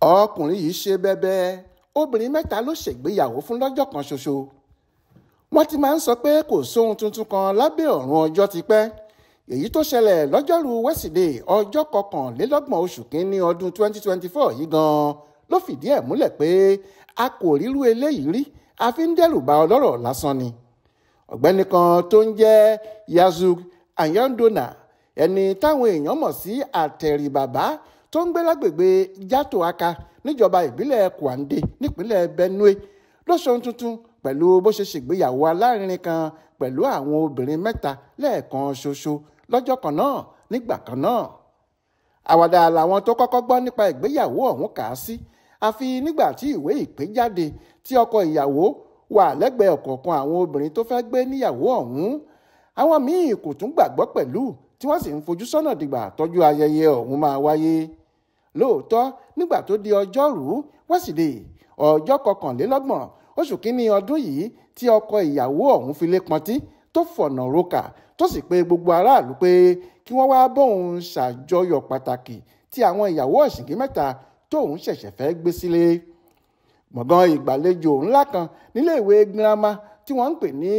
ọkùnrin yìí ṣe bẹ́bẹ́ obìnrin mẹ́ta ló ṣègbéyàwó fún lọ́jọ́ kan ṣoṣo wọ́n ti máa ń sọ pé kò sóhun tuntun kan lábẹ́ ọ̀run ọjọ́ ti pẹ́ èyí tó ṣẹlẹ̀ lọ́jọ́rú wẹ́sídẹ̀ẹ́ ọjọ́ kọkànlélọ́gbọ̀n oṣù kínní ọdún 2024 yìí gan-an ló fìdí ẹ̀ múlẹ̀ pé a kò ríru eléyìí rí a fi ń dẹ́rù ba ọlọ́rọ̀ lásán ni ọ̀gbẹ́ni kan tó ń jẹ́ Yazug Ayandona ẹni táwọn èèyàn mọ̀ sí àtẹ̀rìbàbá tó ń gbé lágbègbè Jatoaka níjọba ìbílẹ̀ Kwande nípínlẹ̀ Benue ló tuntun pẹ̀lú bó ṣe ṣègbéyàwó alárinrin kan pẹ̀lú àwọn obìnrin mẹ́ta lẹ́ẹ̀kan ṣoṣo lọ́jọ́ kan náà nígbà kan náà àwàdà làwọn tó kọ́kọ́ gbọ́ nípa ìgbéyàwó ọ̀hún kà á sí àfi nígbà tí ìwé ìpè jáde tí ọkọ ìyàwó wà lẹ́gbẹ̀ẹ́ ọ̀kọ̀ọ̀kan àwọn obìnrin tó fẹ́ gbé níyàwó ọ̀hún àwọn míì kò tún gbàgbọ́ pẹ̀lú tí wọ́n sì ń fojú sọ́nà dìgbà tọ́jú ayẹyẹ ọ̀hún máa wáyé lóòótọ́ nígbà tó di ọjọ́rùú wẹ́sídẹ̀ẹ́ ọjọ́ kọkànlélọ́gbọ̀n oṣù kínní ọdún yìí tí ọkọ ìyàwó ọ̀hún fi lé pọntí tó fọ̀nà roka tó sì pé gbogbo aráàlú pé kí wọ́n wá bóun ṣàjọyọ̀ pàtàkì tí àwọn ìyàwó ọ̀ṣìngín mẹ́ta tóun ṣẹ̀ṣẹ̀ fẹ́ gbé sílé gbọ̀ngàn ìgbàlejò ńlá kan níléèwé girama tí wọ́n ń pè ní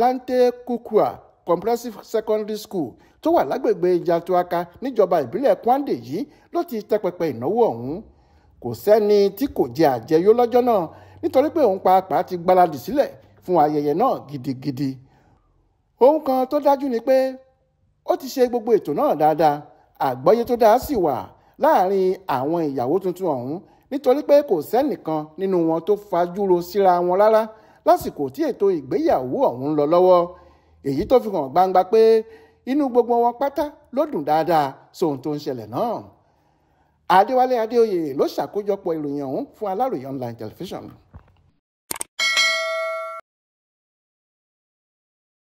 lante kukua comprehensive secondary school tó wà lágbègbè Yàtúaka níjọba ìbílẹ̀ Kwande yìí ló ti tẹ́pẹpẹ ìnáwó ọ̀hún kò sẹ́ni tí kò jẹ àjẹyó lọ́jọ́ náà nítorí pé òun pàápàá ti gbaradì sílẹ̀ fún ayẹyẹ náà gidigidi ohun kan tó dájú ni pé ó ti ṣe gbogbo ètò náà dáadáa àgbọ́yé tó dáa sì wà láàrin àwọn ìyàwó tuntun ọ̀hún nítorí pé kò sẹ́nìkan nínú wọn tó fajúro síra wọn rárá lásìkò tí ètò ìgbéyàwó ọ̀hún ń lọ lọ́wọ́ èyí tó fi hàn gbangba pé inú gbogbo wọn pátá ló dùn dáadáa sóhun tó ń ṣẹlẹ̀ náà Adéwálé Adéoyè ló ṣàkójọpọ̀ ìròyìn ọ̀hún fún Aláròyé online television.